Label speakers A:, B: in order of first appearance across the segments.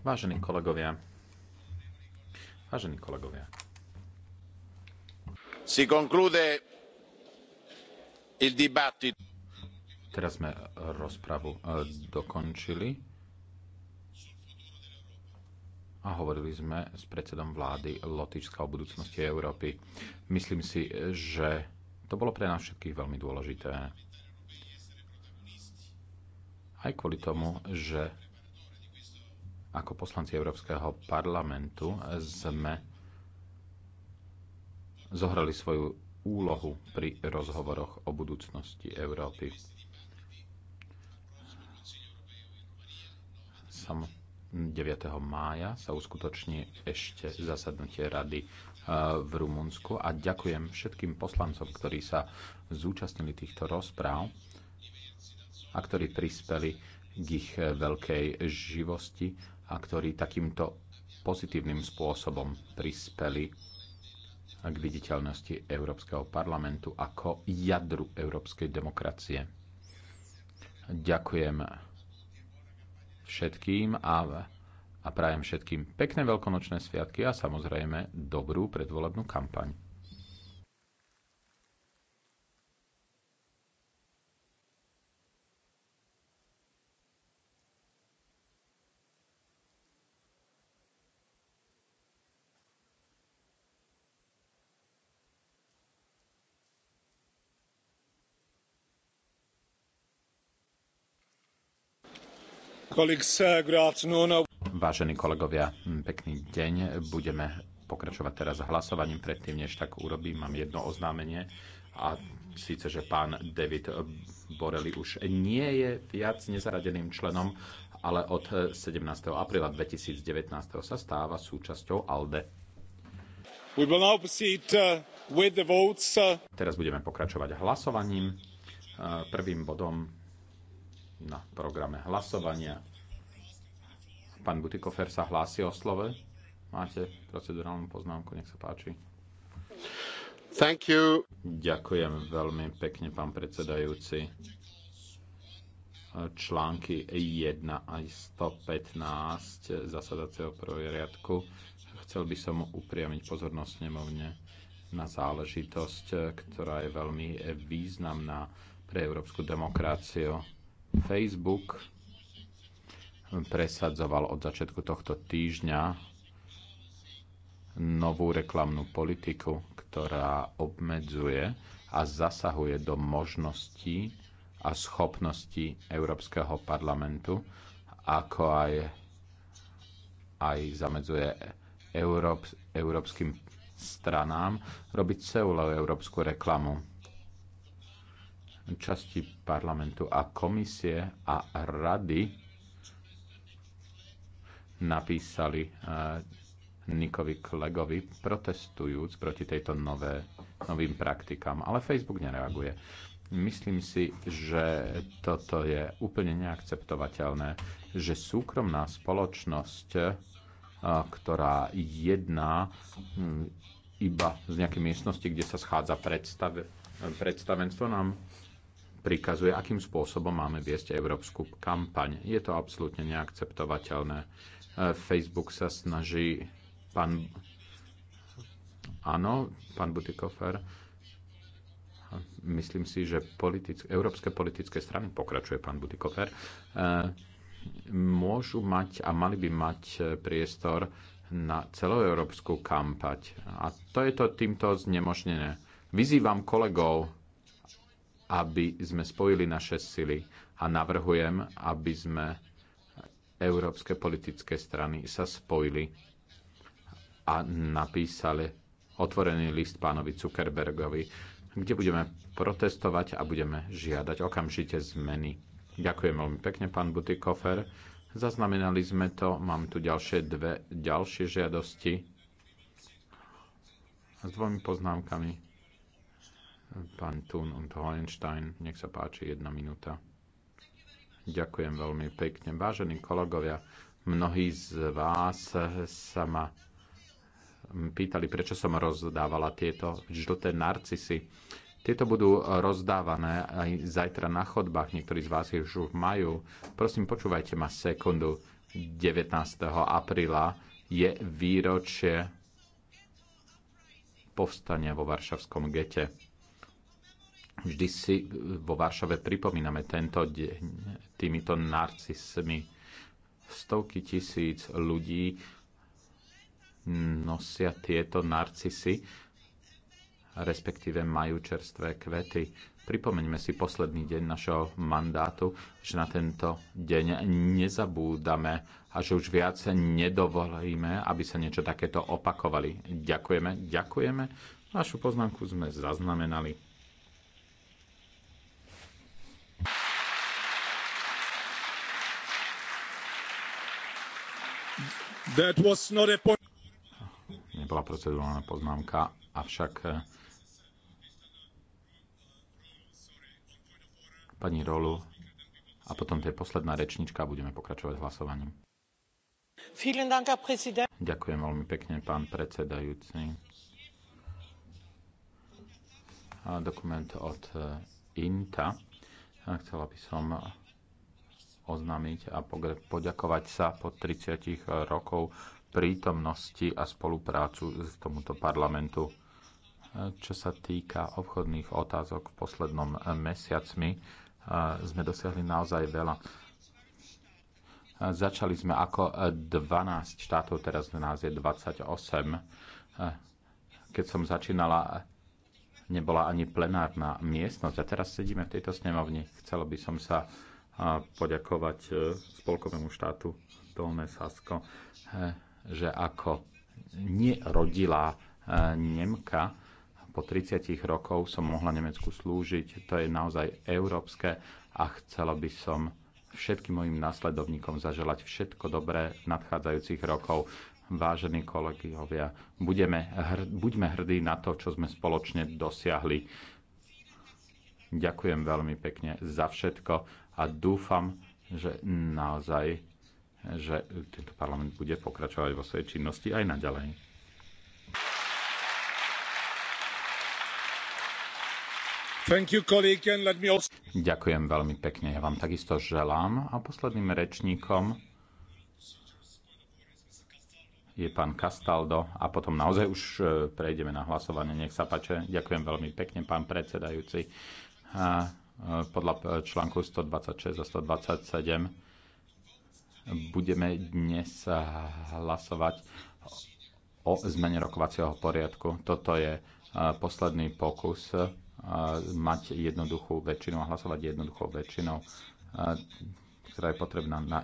A: vážení kolegovia vážení kolegovia teraz sme eh, rozpravu eh, dokončili a hovorili sme s predsedom vlády Lotyšska o budúcnosti Európy. Myslím si, eh, že to bolo pre nás všetkých veľmi dôležité. Aj kvôli tomu, že ako poslanci Európskeho parlamentu sme zohrali svoju úlohu pri rozhovoroch o budúcnosti Európy. Sam 9. mája sa uskutoční ešte zasadnutie rady v Rumunsku a ďakujem všetkým poslancom, ktorí sa zúčastnili týchto rozpráv a ktorí prispeli k ich e, veľkej živosti a ktorí takýmto pozitívnym spôsobom prispeli k viditeľnosti Európskeho parlamentu ako jadru európskej demokracie. Ďakujem všetkým a a prajem všetkým pekné veľkonočné sviatky a samozrejme dobrú predvolebnú kampaň.
B: colleagues uh, good afternoon.
A: Vážení kolegovia, pekný deň. Budeme pokračovať teraz hlasovaním. Predtým, než tak urobím, mám jedno oznámenie. A síce, že pán David Borelli už nie je viac nezaradeným členom, ale od 17. apríla 2019. sa stáva súčasťou ALDE. Uh, uh. Teraz budeme pokračovať hlasovaním. Uh, prvým bodom na programe hlasovania Pán Butikofer sa hlási o slove. Máte procedurálnu poznámku, nech sa páči. Thank you. Ďakujem veľmi pekne, pán predsedajúci. Články 1 aj 115 zasadacieho prvoriadku. Chcel by som upriamiť pozornosť nemovne na záležitosť, ktorá je veľmi významná pre európsku demokraciu. Facebook presadzoval od začiatku tohto týždňa novú reklamnú politiku, ktorá obmedzuje a zasahuje do možností a schopností Európskeho parlamentu, ako aj, aj zamedzuje Európ, európskym stranám robiť celú európsku reklamu časti parlamentu a komisie a rady napísali eh, Nikovi Klegovi, protestujúc proti tejto nové, novým praktikám. Ale Facebook nereaguje. Myslím si, že toto je úplne neakceptovateľné, že súkromná spoločnosť, eh, ktorá jedná hm, iba z nejakej miestnosti, kde sa schádza predstav, predstavenstvo, nám prikazuje, akým spôsobom máme viesť európsku kampaň. Je to absolútne neakceptovateľné. E, Facebook sa snaží pán... Áno, pán Butikofer. Myslím si, že politick... európske politické strany, pokračuje pán Butikofer, e, môžu mať a mali by mať e, priestor na celoeurópsku kampať. A to je to týmto znemožnené. Vyzývam kolegov, aby sme spojili naše sily a navrhujem, aby sme európske politické strany sa spojili a napísali otvorený list pánovi Zuckerbergovi, kde budeme protestovať a budeme žiadať okamžite zmeny. Ďakujem veľmi pekne, pán Butikofer. Zaznamenali sme to. Mám tu ďalšie dve ďalšie žiadosti s dvomi poznámkami. Pán Thun und Hohenstein, nech sa páči, jedna minúta. Ďakujem veľmi pekne. Vážení kolegovia, mnohí z vás sa ma pýtali, prečo som rozdávala tieto žlté narcisy. Tieto budú rozdávané aj zajtra na chodbách, niektorí z vás ich už majú. Prosím, počúvajte ma sekundu. 19. apríla je výročie povstania vo Varšavskom gete. Vždy si vo Varšave pripomíname tento deň, týmito narcismi. Stovky tisíc ľudí nosia tieto narcisy, respektíve majú čerstvé kvety. Pripomeňme si posledný deň našho mandátu, že na tento deň nezabúdame a že už viac nedovolíme, aby sa niečo takéto opakovali. Ďakujeme, ďakujeme. Našu poznámku sme zaznamenali. Nebola procedurálna poznámka, avšak eh, pani Rolu a potom to je posledná rečnička a budeme pokračovať hlasovaním. Ďakujem veľmi pekne, pán predsedajúci. Dokument od eh, INTA. Chcela by som oznámiť a poďakovať sa po 30 eh, rokov prítomnosti a spoluprácu s tomuto parlamentu. Eh, čo sa týka obchodných otázok v poslednom eh, mesiacmi, sme dosiahli naozaj veľa. Začali sme ako 12 štátov, teraz nás je 28. Keď som začínala, nebola ani plenárna miestnosť a teraz sedíme v tejto snemovni. Chcelo by som sa a poďakovať e, spolkovému štátu Dolné Sasko, e, že ako nerodila e, Nemka po 30 rokov som mohla Nemecku slúžiť. To je naozaj európske a chcela by som všetkým mojim následovníkom zaželať všetko dobré v nadchádzajúcich rokov. Vážení kolegovia, budeme hr- buďme hrdí na to, čo sme spoločne dosiahli. Ďakujem veľmi pekne za všetko a dúfam, že naozaj že tento parlament bude pokračovať vo svojej činnosti aj naďalej. You, also... Ďakujem veľmi pekne, ja vám takisto želám. A posledným rečníkom je pán Castaldo a potom naozaj už e, prejdeme na hlasovanie. Nech sa páče. Ďakujem veľmi pekne, pán predsedajúci. A podľa článku 126 a 127 budeme dnes hlasovať o zmene rokovacieho poriadku. Toto je posledný pokus mať jednoduchú väčšinu a hlasovať jednoduchou väčšinou, ktorá je potrebná na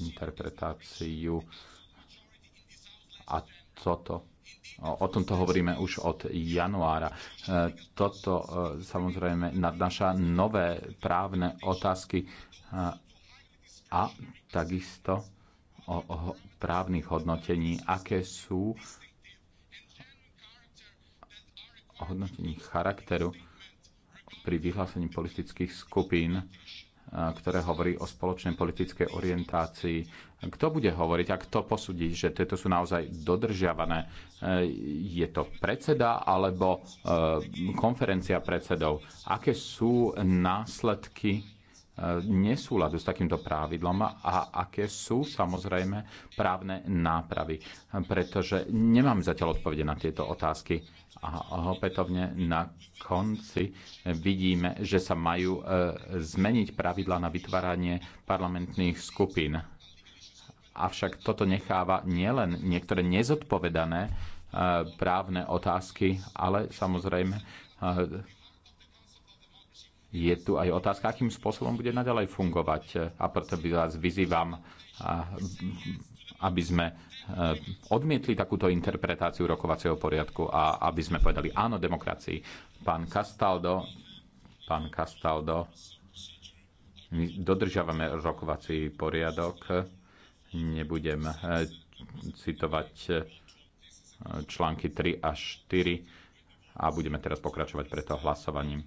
A: interpretáciu. A toto O, o tomto hovoríme už od januára. E, toto e, samozrejme nadnáša nové právne otázky e, a takisto o, o právnych hodnotení, aké sú hodnotení charakteru pri vyhlásení politických skupín ktoré hovorí o spoločnej politickej orientácii. Kto bude hovoriť a kto posúdi, že tieto sú naozaj dodržiavané? Eh, je to predseda alebo eh, konferencia predsedov? Aké sú následky eh, nesúladu s takýmto pravidlom a aké sú samozrejme právne nápravy. Pretože nemám zatiaľ odpovede na tieto otázky a opätovne na konci vidíme, že sa majú e, zmeniť pravidla na vytváranie parlamentných skupín. Avšak toto necháva nielen niektoré nezodpovedané e, právne otázky, ale samozrejme e, je tu aj otázka, akým spôsobom bude naďalej fungovať. A preto by vás vyzývam aby sme eh, odmietli takúto interpretáciu rokovacieho poriadku a aby sme povedali áno demokracii. Pán Castaldo, pán Castaldo, my dodržiavame rokovací poriadok, nebudem eh, citovať eh, články 3 a 4 a budeme teraz pokračovať preto hlasovaním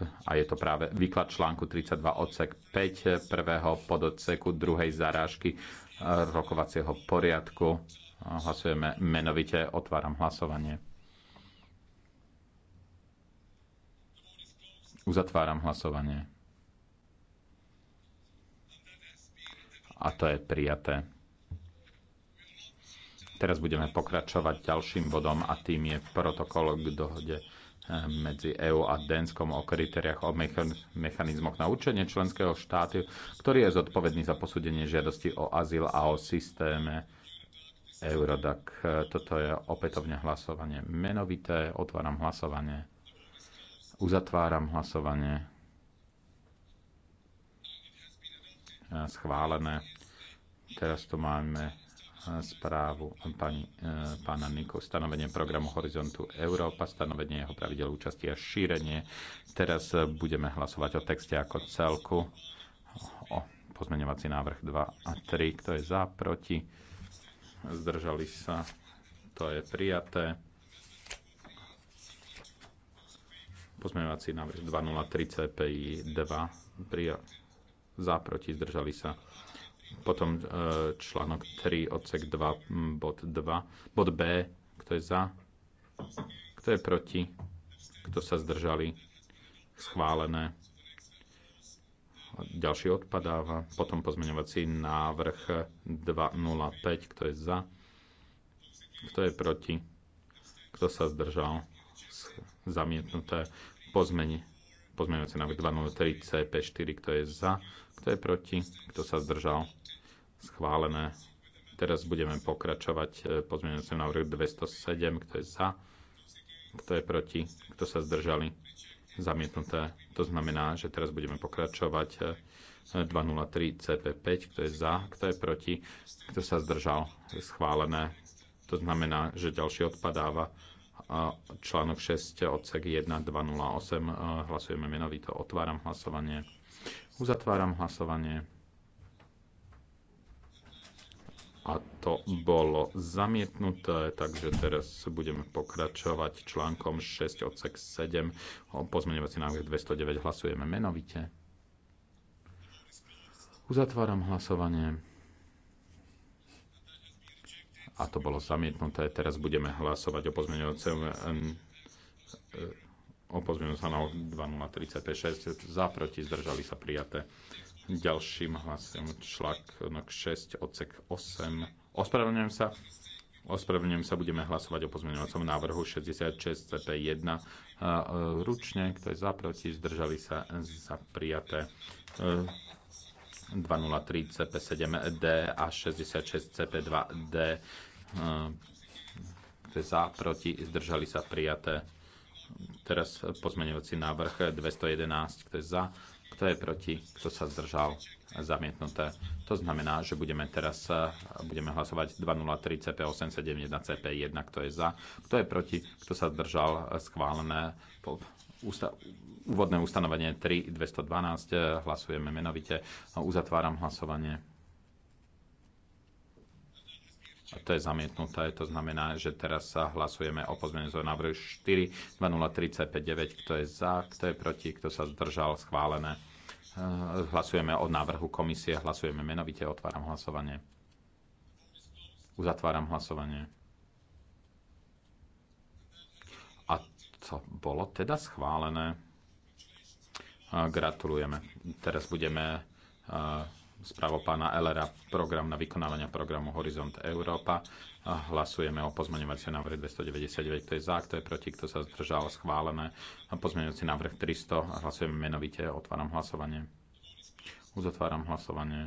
A: a je to práve výklad článku 32 odsek 5 prvého pododseku druhej zarážky e, rokovacieho poriadku. Hlasujeme menovite, otváram hlasovanie. Uzatváram hlasovanie. A to je prijaté. Teraz budeme pokračovať ďalším bodom a tým je protokol k dohode medzi EÚ a Dénskom o kritériách o mechanizmoch na určenie členského štátu, ktorý je zodpovedný za posúdenie žiadosti o azyl a o systéme Eurodac. Toto je opätovne hlasovanie menovité. Otváram hlasovanie. Uzatváram hlasovanie. Schválené. Teraz tu máme správu pani, e, pána Niku, stanovenie programu Horizontu Európa, stanovenie jeho pravidel účasti a šírenie. Teraz budeme hlasovať o texte ako celku, o pozmeňovací návrh 2 a 3. Kto je za, proti? Zdržali sa. To je prijaté. Pozmeňovací návrh 203 cpi 2. prijaté. za, proti? Zdržali sa potom e, článok 3, odsek 2, bod 2, bod B, kto je za, kto je proti, kto sa zdržali, schválené. Ďalší odpadáva. Potom pozmeňovací návrh 205, kto je za, kto je proti, kto sa zdržal, zamietnuté pozmenie Pozmeňujúci návrh 203 CP4, kto je za, kto je proti, kto sa zdržal. Schválené. Teraz budeme pokračovať e, pozmeňujúcim návrh 207, kto je za, kto je proti, kto sa zdržali. Zamietnuté. To znamená, že teraz budeme pokračovať 203 e, CP5, kto je za, kto je proti, kto sa zdržal. Schválené. To znamená, že ďalší odpadáva článok 6 odsek 1208. E, hlasujeme menovito. Otváram hlasovanie. Uzatváram hlasovanie. A to bolo zamietnuté, takže teraz budeme pokračovať článkom 6 odsek 7. o Pozmeňovací návrh 209 hlasujeme menovite. Uzatváram hlasovanie a to bolo zamietnuté. Teraz budeme hlasovať o pozmeňujúcom o pozmeňujúcom sa na 20356 za, proti, zdržali sa prijaté. Ďalším hlasom článok 6, odsek 8. Ospravedlňujem sa. Ospravedlňujem sa, budeme hlasovať o pozmeňovacom návrhu 66 CP1 e, ručne, kto je za, proti, zdržali sa za prijaté. E, 203 CP7D a 66 CP2D. za, proti, zdržali sa prijaté. Teraz pozmeňovací návrh 211, kto je za, kto je proti, kto sa zdržal, zamietnuté. To znamená, že budeme teraz budeme hlasovať 203 CP871 CP1, kto je za, kto je proti, kto sa zdržal, schválené ústa- úvodné ustanovenie 3.212. Eh, hlasujeme menovite. Uzatváram hlasovanie. A to je zamietnuté. To znamená, že teraz sa hlasujeme o pozmeňujúcom návrhu 4 20359. Kto je za, kto je proti, kto sa zdržal, schválené. Eh, hlasujeme o návrhu komisie, hlasujeme menovite, otváram hlasovanie. Uzatváram hlasovanie. co bolo teda schválené. Gratulujeme. Teraz budeme spravo pána Elera program na vykonávania programu Horizont Európa. Hlasujeme o pozmeňovací návrh 299, kto je za, kto je proti, kto sa zdržal, schválené. Pozmeňovací návrh 300, hlasujeme menovite, otváram hlasovanie. Uzatváram hlasovanie.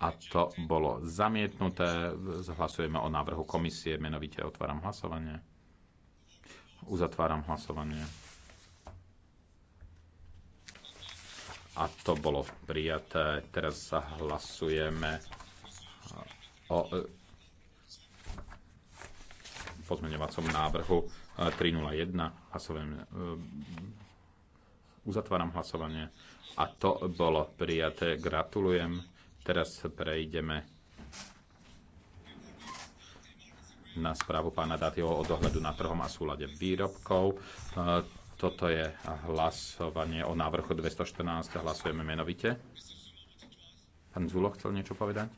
A: a to bolo zamietnuté. zhlasujeme o návrhu komisie, menovite otváram hlasovanie. Uzatváram hlasovanie. A to bolo prijaté. Teraz hlasujeme o e, pozmeňovacom návrhu 301. E, e, uzatváram hlasovanie. A to bolo prijaté. Gratulujem Teraz prejdeme na správu pána Datio o dohľadu na trhom a súlade výrobkov. E, toto je hlasovanie o návrhu 214. Hlasujeme menovite. Pán Zulo chcel niečo povedať?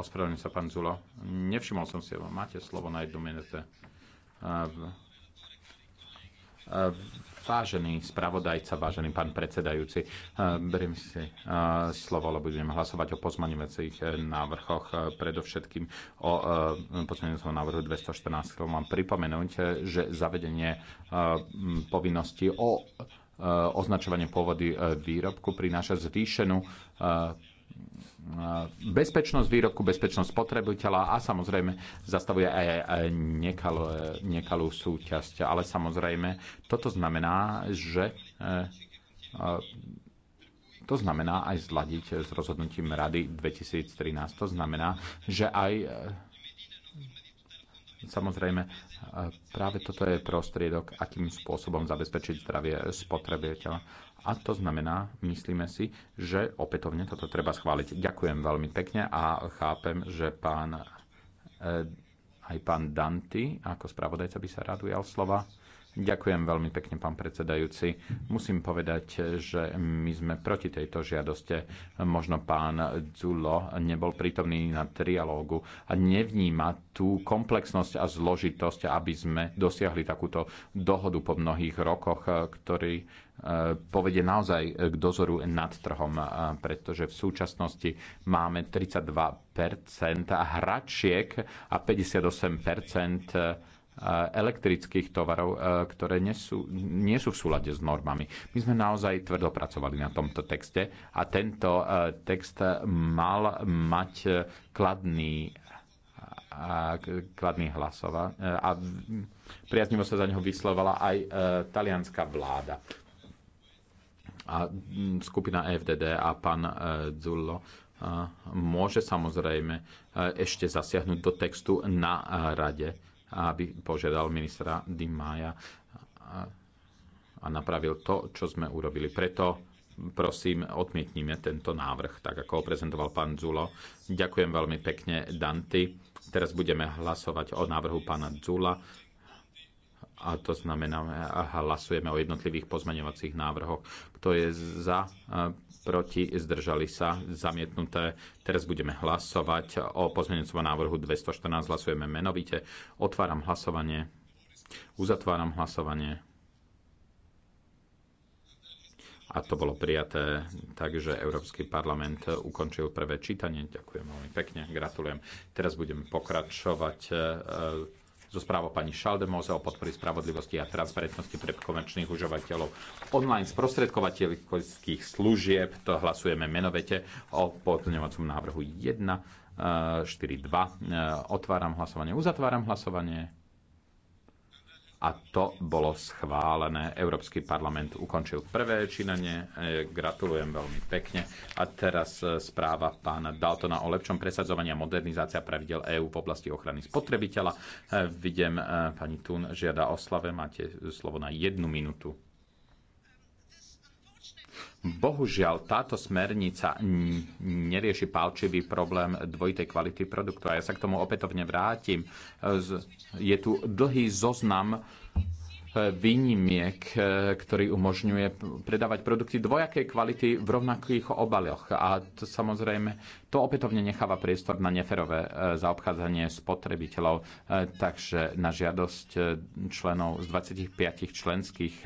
A: Ospravedlňujem sa, pán Zulo. Nevšimol som si, máte slovo na jednu minúte. E, Vážený spravodajca, vážený pán predsedajúci, eh, beriem si eh, slovo, lebo budem hlasovať o pozmaňovacích eh, návrhoch, predovšetkým o pozmaňovacom návrhu 214. Chcem vám pripomenúť, že zavedenie povinnosti o označovanie pôvody výrobku prináša zvýšenú bezpečnosť výroku, bezpečnosť spotrebiteľa a samozrejme zastavuje aj nekalú, nekalú súťasť. Ale samozrejme, toto znamená, že e, e, to znamená aj zladiť s rozhodnutím Rady 2013. To znamená, že aj e, samozrejme práve toto je prostriedok, akým spôsobom zabezpečiť zdravie spotrebiteľa a to znamená, myslíme si, že opätovne toto treba schváliť. Ďakujem veľmi pekne a chápem, že pán, eh, aj pán Danty ako spravodajca by sa rád ujal slova. Ďakujem veľmi pekne, pán predsedajúci. Musím povedať, že my sme proti tejto žiadoste. Možno pán Zulo nebol prítomný na trialógu a nevníma tú komplexnosť a zložitosť, aby sme dosiahli takúto dohodu po mnohých rokoch, ktorý Eh, povede naozaj k dozoru nad trhom, eh, pretože v súčasnosti máme 32 hračiek a 58 eh, elektrických tovarov, ktoré nie sú, nie sú v súlade s normami. My sme naozaj tvrdo pracovali na tomto texte a tento text mal mať kladný kladný hlasova a priaznivo sa za neho vyslovala aj talianská vláda a mm, skupina e FDD a pán e, Zullo e, môže samozrejme ešte zasiahnuť do textu na rade, aby požiadal ministra Di Maja a napravil to, čo sme urobili. Preto prosím, odmietnime tento návrh, tak ako ho prezentoval pán Zulo. Ďakujem veľmi pekne, Danty. Teraz budeme hlasovať o návrhu pána Zula a to znamená, hlasujeme o jednotlivých pozmeňovacích návrhoch. Kto je za, e, proti, zdržali sa, zamietnuté. Teraz budeme hlasovať o pozmeňovacom návrhu 214. Hlasujeme menovite. Otváram hlasovanie. Uzatváram hlasovanie. A to bolo prijaté, takže Európsky parlament ukončil prvé čítanie. Ďakujem veľmi pekne, gratulujem. Teraz budeme pokračovať e, zo správou pani Šaldemoze o podpory spravodlivosti a transparentnosti pre komerčných užovateľov online sprostredkovateľských služieb. To hlasujeme menovete o pozmeňovacom návrhu 1, 4, 2. Otváram hlasovanie, uzatváram hlasovanie a to bolo schválené. Európsky parlament ukončil prvé činanie. E, gratulujem veľmi pekne. A teraz e, správa pána Daltona o lepšom presadzovaní a modernizácia pravidel EÚ v oblasti ochrany spotrebiteľa. E, vidím, pani Tún žiada o slave. Máte slovo na jednu minútu. Bohužiaľ, táto smernica nerieši palčivý problém dvojitej kvality produktu. A ja sa k tomu opätovne vrátim. Je tu dlhý zoznam e, výnimiek, e, ktorý umožňuje predávať produkty dvojakej kvality v rovnakých obaloch. A to samozrejme, to opätovne necháva priestor na neferové e, zaobchádzanie spotrebiteľov. Takže na žiadosť členov z 25 členských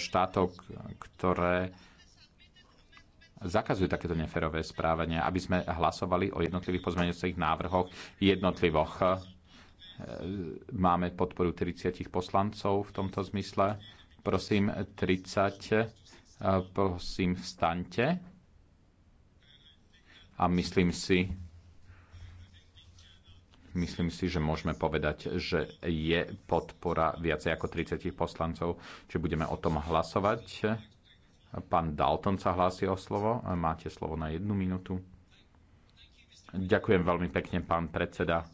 A: štátov, ktoré zakazujú takéto neférové správanie, aby sme hlasovali o jednotlivých pozmeňujúcich návrhoch jednotlivoch. E, máme podporu 30 poslancov v tomto zmysle. Prosím, 30. E, prosím, vstaňte. A myslím si, myslím si, že môžeme povedať, že je podpora viacej ako 30 poslancov. Či budeme o tom hlasovať? Pán Dalton sa hlási o slovo. Máte slovo na jednu minútu. Ďakujem veľmi pekne, pán predseda. E,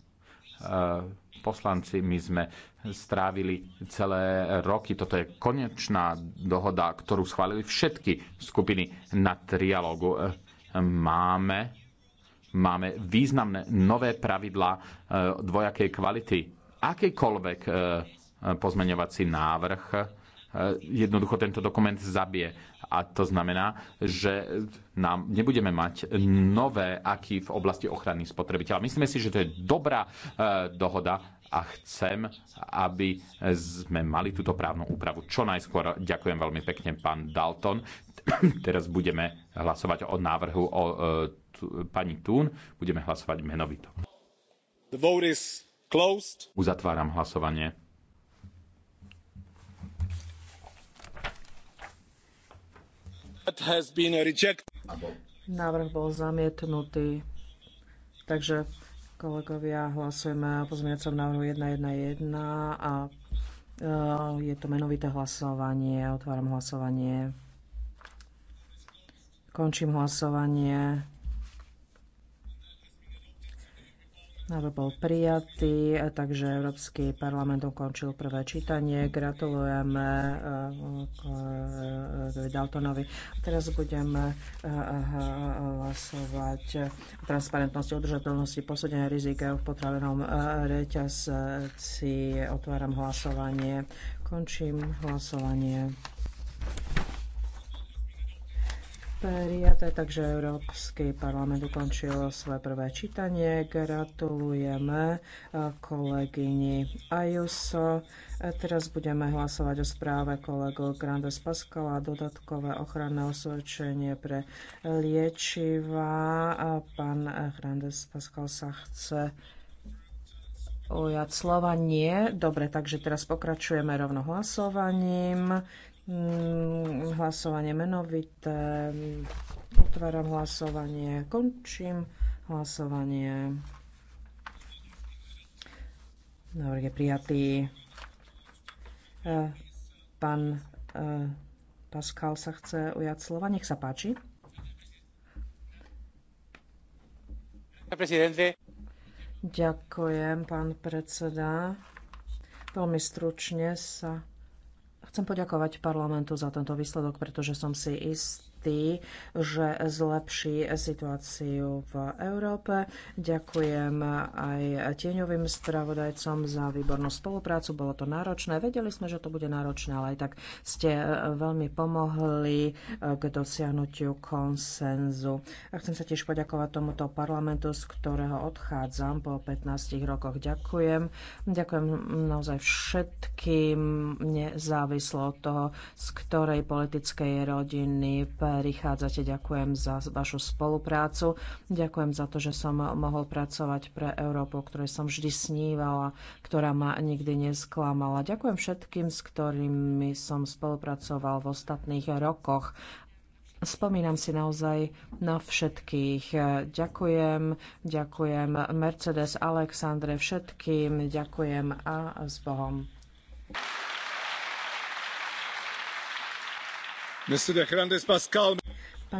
A: poslanci, my sme strávili celé roky. Toto je konečná dohoda, ktorú schválili všetky skupiny na trialogu. E, máme Máme významné nové pravidlá e, dvojakej kvality. Akýkoľvek e, pozmeňovací návrh e, jednoducho tento dokument zabije. A to znamená, že nám nebudeme mať nové aký v oblasti ochrany spotrebiteľa. Myslíme si, že to je dobrá dohoda a chcem, aby sme mali túto právnu úpravu čo najskôr. Ďakujem veľmi pekne, pán Dalton. Teraz budeme hlasovať o návrhu o pani Thun, Budeme hlasovať menovito. The vote is closed. Uzatváram hlasovanie. That has been rejected.
B: Návrh bol zamietnutý. Takže kolegovia, hlasujeme o pozmeňovacom návrhu 1.1.1 a e, je to menovité hlasovanie. Otváram hlasovanie. Končím hlasovanie. Návrh bol prijatý, takže Európsky parlament ukončil prvé čítanie. Gratulujeme eh, eh, Daltonovi. Teraz budeme eh, hlasovať o transparentnosti, udržateľnosti, posúdenia rizika v potravenom reťazci. Otváram hlasovanie. Končím hlasovanie prijaté, takže Európsky parlament ukončil svoje prvé čítanie. Gratulujeme eh, kolegyni Ajuso. Eh, teraz budeme hlasovať o správe kolegu Grandes Pascala dodatkové ochranné osvedčenie pre liečiva. Pán eh, Grandes Pascal sa chce ujať slova. Nie. Dobre, takže teraz pokračujeme rovno hlasovaním. Mm, hlasovanie menovité. Otváram hlasovanie. Končím hlasovanie. Návrh je prijatý. E, pán e, Pascal sa chce ujať slova. Nech sa páči. Ďakujem, pán predseda. Veľmi stručne sa Chcem poďakovať parlamentu za tento výsledok, pretože som si ist, istý, že zlepší situáciu v Európe. Ďakujem aj tieňovým spravodajcom za výbornú spoluprácu. Bolo to náročné. Vedeli sme, že to bude náročné, ale aj tak ste e, veľmi pomohli e, k dosiahnutiu konsenzu. A chcem sa tiež poďakovať tomuto parlamentu, z ktorého odchádzam po 15 rokoch. Ďakujem. Ďakujem naozaj všetkým nezávislo od toho, z ktorej politickej rodiny prichádzate. Ďakujem za vašu spoluprácu. Ďakujem za to, že som mohol pracovať pre Európu, o ktorej som vždy snívala, ktorá ma nikdy nesklamala. Ďakujem všetkým, s ktorými som spolupracoval v ostatných rokoch Spomínam si naozaj na všetkých. Ďakujem, ďakujem Mercedes, Alexandre, všetkým, ďakujem a s Bohom. Pán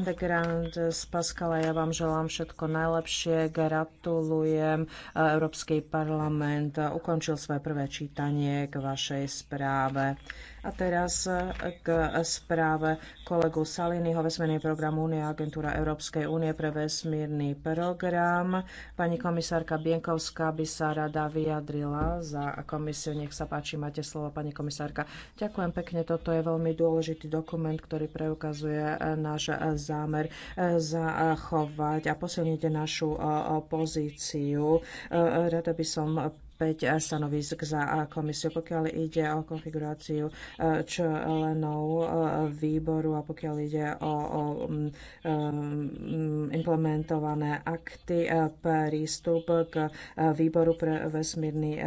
B: de Grandes Pascal, ja vám želám všetko najlepšie. Gratulujem. E, Európsky parlament ukončil svoje prvé čítanie k vašej správe. A teraz e, k správe kolegu Saliniho vesmírny program Únie, a agentúra Európskej únie pre vesmírny program. Pani komisárka Bienkovská by sa rada vyjadrila za komisiu. Nech sa páči, máte slovo, pani komisárka. Ďakujem pekne, toto je veľmi dôležitý dokument, ktorý preukazuje e, náš e, zámer zachovať a posilniť našu pozíciu. Rada by som 5 stanovisk za komisiu, pokiaľ ide o konfiguráciu eh, členov eh, výboru a pokiaľ ide o, o mm, eh, mm, implementované akty, prístup k výboru pre vesmírny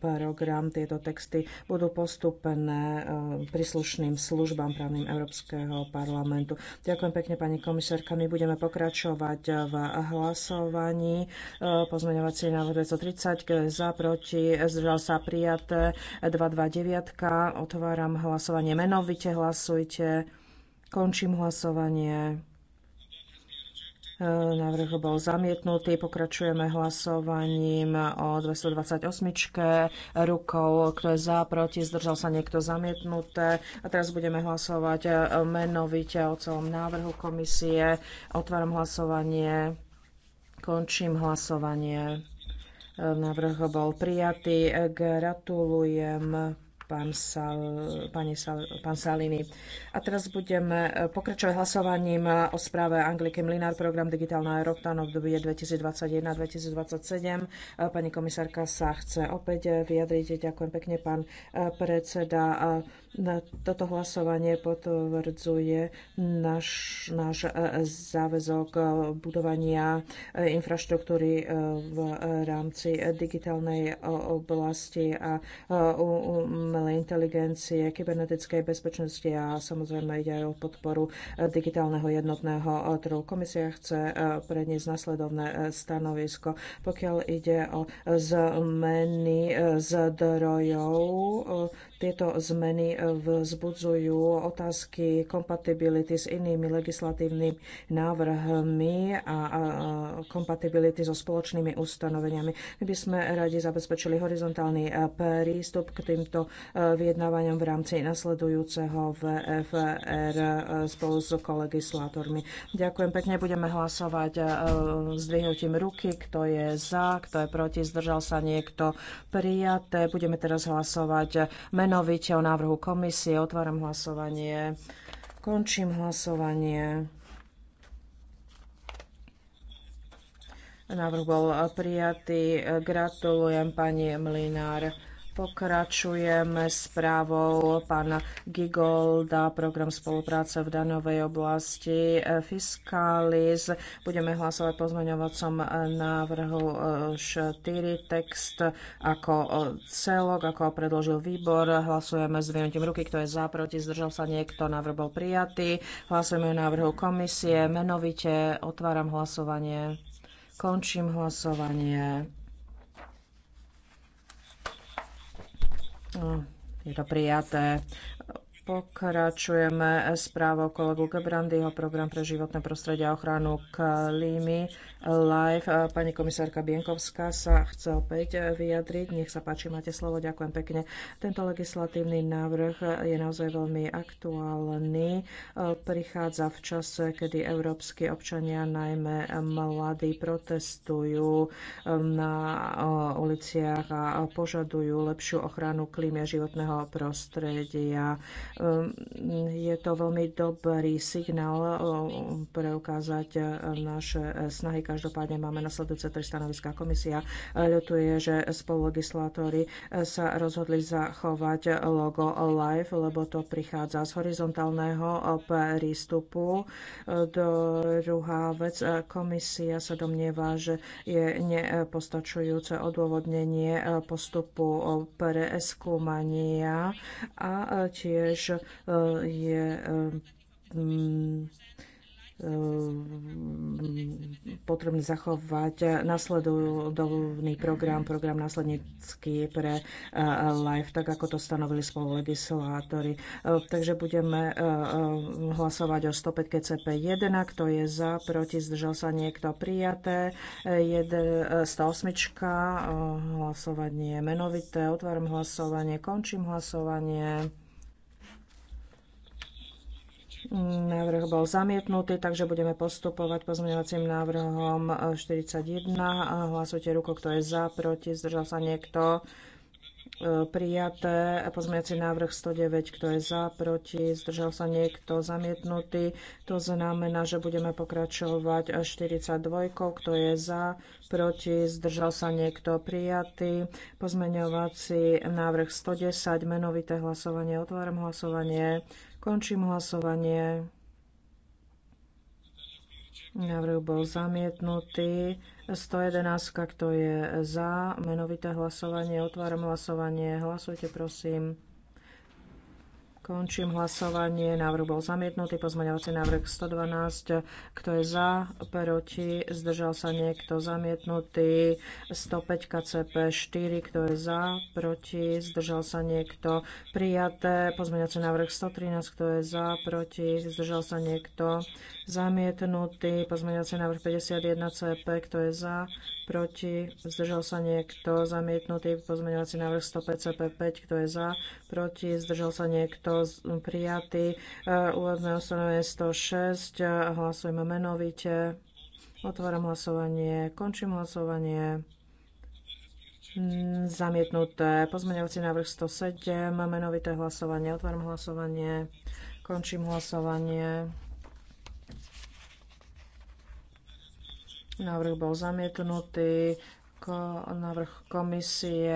B: program. Tieto texty budú postupené príslušným službám právnym Európskeho parlamentu. Ďakujem pekne, pani komisárka. My budeme pokračovať v hlasovaní. Pozmeňovací návrh 230 za proti proti, zdržal sa prijaté 229. Otváram hlasovanie menovite, hlasujte. Končím hlasovanie. E, návrh bol zamietnutý. Pokračujeme hlasovaním o 228. rukou. Kto je za, proti, zdržal sa niekto zamietnuté. A teraz budeme hlasovať e, menovite o celom návrhu komisie. Otváram hlasovanie. Končím hlasovanie. Návrh bol prijatý. Gratulujem pán, Sal, pani Sal, pán Salini. A teraz budeme pokračovať hlasovaním o správe Angliky Mlinár, program Digitálna Európa na obdobie 2021-2027. Pani komisárka sa chce opäť vyjadriť. Ďakujem pekne, pán predseda. Na Toto hlasovanie potvrdzuje náš, náš e, záväzok budovania e, infraštruktúry e, v rámci digitálnej oblasti a umelej inteligencie, kybernetickej bezpečnosti a samozrejme ide aj o podporu digitálneho jednotného trhu. Komisia chce predniesť nasledovné stanovisko. Pokiaľ ide o zmeny zdrojov, tieto zmeny eh, vzbudzujú otázky kompatibility s inými legislatívnymi návrhmi a kompatibility so spoločnými ustanoveniami. My by sme radi zabezpečili horizontálny eh, prístup k týmto eh, vyjednávaniam v rámci nasledujúceho VFR spolu s kolegislátormi. Ďakujem pekne, budeme hlasovať zdvihnutím ruky, kto je za, kto je proti, zdržal sa niekto prijaté. Budeme teraz hlasovať men menovite o návrhu komisie. Otváram hlasovanie. Končím hlasovanie. Návrh bol prijatý. Gratulujem pani Mlinár. Pokračujeme správou pána Gigolda, program spolupráce v danovej oblasti e, Fiskalis. Budeme hlasovať pozmeňovacom e, návrhu 4, e, text ako celok, ako predložil výbor. Hlasujeme s vyjúntim ruky, kto je za, proti, zdržal sa niekto, návrh bol prijatý. Hlasujeme o návrhu komisie, menovite otváram hlasovanie, končím hlasovanie. Hm, je to prijaté. Pokračujeme správou kolegu Gebrandyho, program pre životné prostredie a ochranu klímy. Live eh, pani komisárka Bienkovská sa chce opäť eh, vyjadriť. Nech sa páči, máte slovo. Ďakujem pekne. Tento legislatívny návrh eh, je naozaj veľmi aktuálny. Prichádza v čase, kedy európsky občania, najmä mladí, protestujú na uliciach a požadujú lepšiu ochranu klímy a životného prostredia Ehm, je to veľmi dobrý signál eh, preukázať eh, naše eh, snahy. Každopádne máme nasledujúce tri stanoviská komisia. Ľutuje, že spolulegislátori sa rozhodli zachovať logo Live, lebo to prichádza z horizontálneho prístupu. Druhá vec, komisia sa domnieva, že je nepostačujúce odôvodnenie postupu preskúmania a tiež E, je e, mm, e, potrebné zachovať nasledovný program, program následnícky pre LIFE, tak ako to stanovili spolu legislátori. Takže budeme hlasovať o 105 CP1, kto je za, proti, zdržal sa niekto prijaté. 108 hlasovanie menovité, otváram hlasovanie, končím hlasovanie. Návrh bol zamietnutý, takže budeme postupovať pozmeňovacím návrhom 41. Hlasujte ruko, kto je za, proti, zdržal sa niekto. E, prijaté. Pozmeňovací návrh 109, kto je za, proti, zdržal sa niekto, zamietnutý. To znamená, že budeme pokračovať 42, kto je za, proti, zdržal sa niekto, prijatý. Pozmeňovací návrh 110, menovité hlasovanie, otváram hlasovanie. Končím hlasovanie. Návrh bol zamietnutý. 111, kto je za, menovité hlasovanie. Otváram hlasovanie. Hlasujte, prosím. Končím hlasovanie. Návrh bol zamietnutý. Pozmeňovací návrh 112. Kto je za? Proti? Zdržal sa niekto? Zamietnutý. 105 KCP 4. Kto je za? Proti? Zdržal sa niekto? Prijaté. Pozmeňovací návrh 113. Kto je za? Proti? Zdržal sa niekto? Zamietnutý pozmeňovací návrh 51 CP, kto je za, proti, zdržal sa niekto. Zamietnutý pozmeňovací návrh 105 CP 5, kto je za, proti, zdržal sa niekto. Prijatý e, úvodné ustanovenie 106, e, hlasujeme menovite. Otváram hlasovanie, končím hlasovanie. Zamietnuté. Pozmeňovací návrh 107, menovité hlasovanie, otváram hlasovanie, končím hlasovanie. Návrh bol zamietnutý. Ko, návrh komisie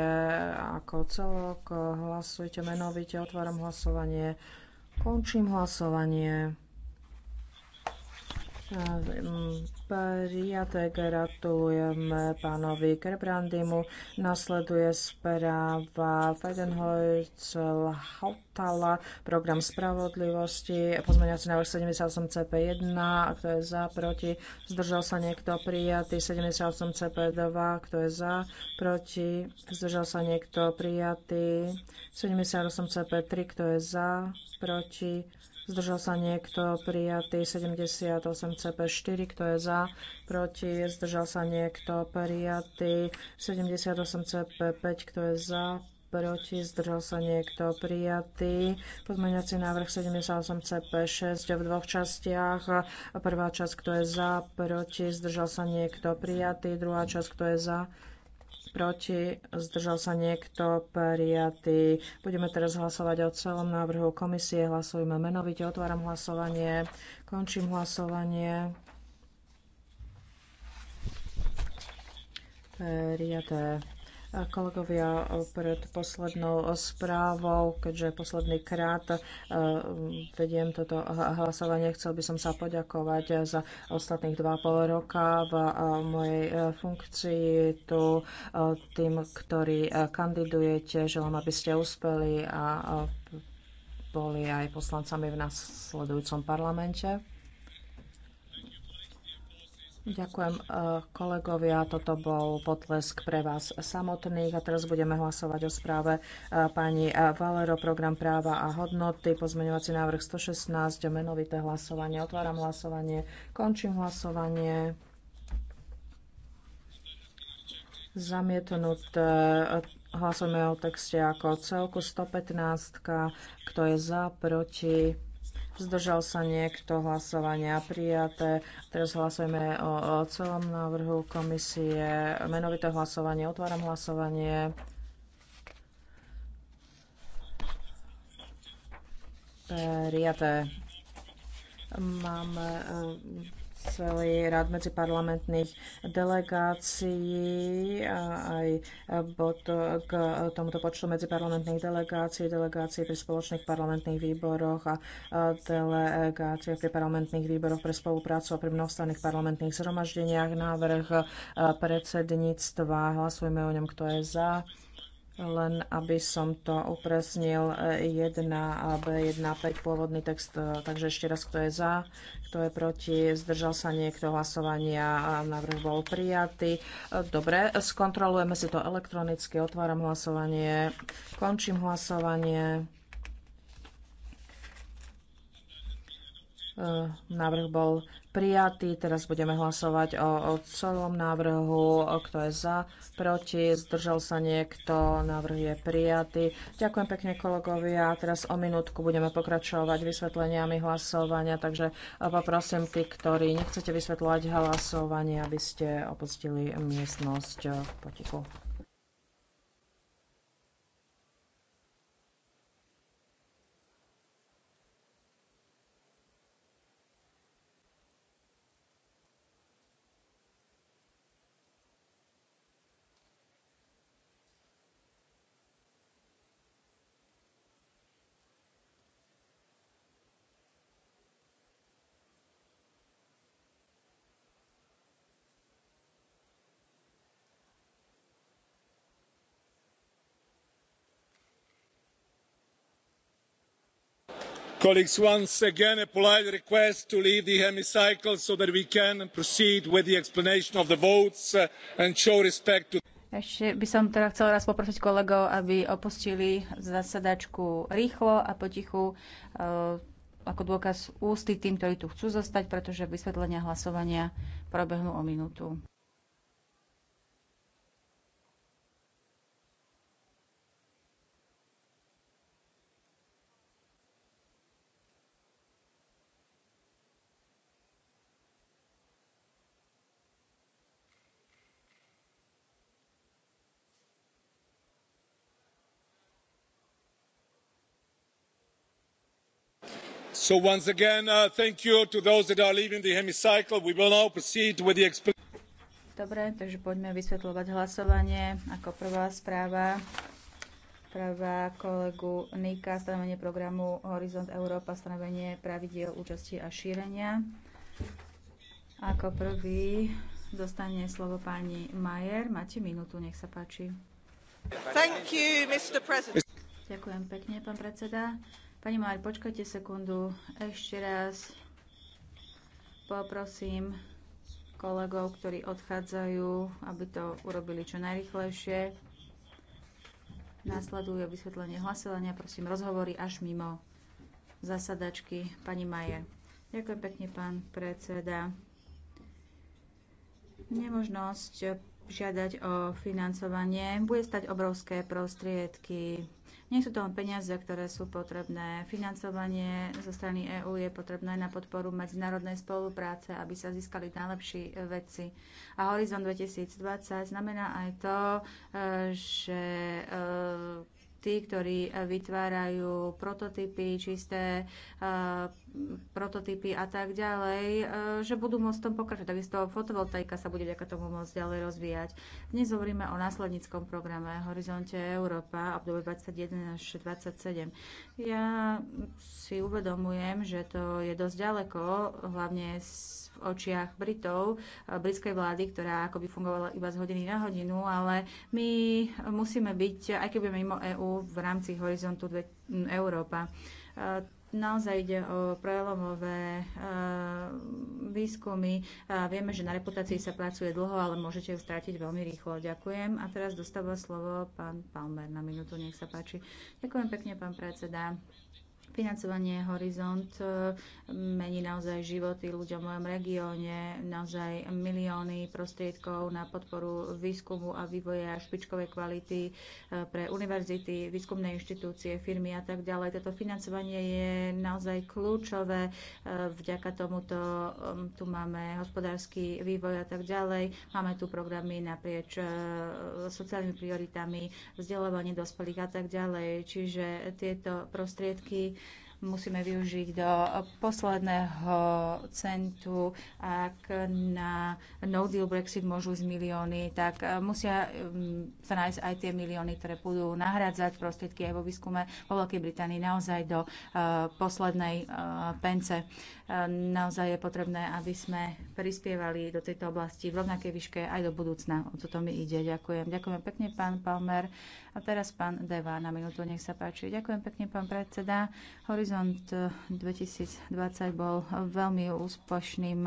B: ako celok. Hlasujte menovite. Otváram hlasovanie. Končím hlasovanie. Prijaté gratulujeme pánovi Gerbrandimu. Nasleduje správa Fedenholzel Hautala, program spravodlivosti, pozmeňovací návrh 78 CP1, kto je za, proti, zdržal sa niekto, prijatý 78 CP2, kto je za, proti, zdržal sa niekto, prijatý 78 CP3, kto je za, proti, Zdržal sa niekto prijatý 78 CP4, kto je za, proti, zdržal sa niekto prijatý 78 CP5, kto je za, proti, zdržal sa niekto prijatý. Pozmeňovací návrh 78 CP6 v dvoch častiach. Prvá časť, kto je za, proti, zdržal sa niekto prijatý. Druhá časť, kto je za, proti, zdržal sa niekto, prijatý. Budeme teraz hlasovať o celom návrhu komisie. Hlasujeme menovite. Otváram hlasovanie. Končím hlasovanie. Prijaté. Kolegovia, pred poslednou správou, keďže posledný krát e, vediem toto hlasovanie, chcel by som sa poďakovať za ostatných 2,5 roka v e, mojej e, funkcii tu tým, ktorí kandidujete. Želám, aby ste uspeli a boli aj poslancami v nasledujúcom parlamente. Ďakujem eh, kolegovia, toto bol potlesk pre vás samotných a teraz budeme hlasovať o správe eh, pani eh, Valero, program práva a hodnoty, pozmeňovací návrh 116, menovité hlasovanie, otváram hlasovanie, končím hlasovanie. Zamietnuté hlasujeme o texte ako celku 115, kto je za, proti zdržal sa niekto hlasovania prijaté. Teraz hlasujeme o, o celom návrhu komisie. Menovité hlasovanie, otváram hlasovanie. Prijaté. Máme celý rad medziparlamentných delegácií a aj bod k tomuto počtu medziparlamentných delegácií, delegácií pri spoločných parlamentných výboroch a delegácie pri parlamentných výboroch pre spoluprácu a pri mnohostranných parlamentných zhromaždeniach. Návrh predsedníctva. Hlasujme o ňom, kto je za. Len aby som to upresnil, 1B15 pôvodný text, e, takže ešte raz, kto je za, kto je proti, zdržal sa niekto hlasovania, a návrh bol prijatý. E, dobre, skontrolujeme si to elektronicky, otváram hlasovanie, končím hlasovanie. E, návrh bol prijatý. Teraz budeme hlasovať o, o celom návrhu, kto je za, proti, zdržal sa niekto, návrh je prijatý. Ďakujem pekne kolegovia. Teraz o minútku budeme pokračovať vysvetleniami hlasovania, takže poprosím tí, ktorí nechcete vysvetľovať hlasovanie, aby ste opustili miestnosť potichu. colleagues once again a polite
A: request to leave the hemicycle so that we can proceed with the explanation of the votes uh, and show respect to
C: ešte by som teda chcela raz poprosiť kolegov, aby opustili zasadačku rýchlo a potichu uh, ako dôkaz ústy tým, ktorí tu chcú zostať, pretože vysvetlenia hlasovania prebehnú o minútu.
A: once again uh, thank you to those that are leaving the hemicycle. we will now proceed with the
C: Dobre, takže poďme vysvetľovať hlasovanie. Ako prvá správa, práva kolegu Nika, stanovenie programu Horizont Európa, stanovenie pravidiel účasti a šírenia. Ako prvý dostane slovo pani Majer. Máte minútu, nech sa páči.
B: You,
C: Ďakujem pekne, pán predseda. Pani Mlár, počkajte sekundu. Ešte raz poprosím kolegov, ktorí odchádzajú, aby to urobili čo najrychlejšie. Následuje vysvetlenie hlasovania. Prosím, rozhovory až mimo zasadačky. Pani Majer. Ďakujem pekne, pán predseda. Nemožnosť žiadať o financovanie bude stať obrovské prostriedky nie sú to len peniaze, ktoré sú potrebné. Financovanie zo strany EÚ je potrebné na podporu medzinárodnej spolupráce, aby sa získali najlepší vedci. A Horizon 2020 znamená aj to, e, že e, tí, ktorí e, vytvárajú prototypy, čisté uh, prototypy a tak ďalej, uh, že budú môcť v tom pokračovať. Takisto fotovoltaika sa bude vďaka tomu môcť ďalej rozvíjať. Dnes hovoríme o následníckom programe Horizonte Európa obdobie 21 až 27. Ja si uvedomujem, že to je dosť ďaleko, hlavne s očiach Britov, eh, britskej vlády, ktorá akoby fungovala iba z hodiny na hodinu, ale my musíme byť, aj keď budeme mimo EÚ, v rámci horizontu dve, Európa eh, naozaj ide o prelomové eh, výskumy. Vieme, že na reputácii sa pracuje dlho, ale môžete ju strátiť veľmi rýchlo. Ďakujem. A teraz dostáva slovo pán Palmer na minútu. Nech sa páči. Ďakujem pekne, pán predseda. Financovanie Horizont e, mení naozaj životy ľudia v mojom regióne, naozaj milióny prostriedkov na podporu výskumu a vývoja špičkovej kvality e, pre univerzity, výskumné inštitúcie, firmy a tak ďalej. Toto financovanie je naozaj kľúčové. E, vďaka tomuto tu máme hospodársky vývoj a tak ďalej. Máme tu programy naprieč sociálnymi prioritami, vzdelávanie dospelých a tak ďalej. Čiže tieto prostriedky musíme využiť do posledného centu. Ak na no deal Brexit môžu z milióny, tak eh, musia mm, sa nájsť aj tie milióny, ktoré budú nahradzať prostriedky aj vo výskume vo Veľkej Británii naozaj do eh, poslednej eh, pence. Naozaj je potrebné, aby sme prispievali do tejto oblasti v rovnakej výške aj do budúcna. O toto mi ide. Ďakujem. Ďakujem pekne, pán Palmer. A teraz pán Deva na minútu, nech sa páči. Ďakujem pekne, pán predseda. Horizont 2020 bol veľmi úspešným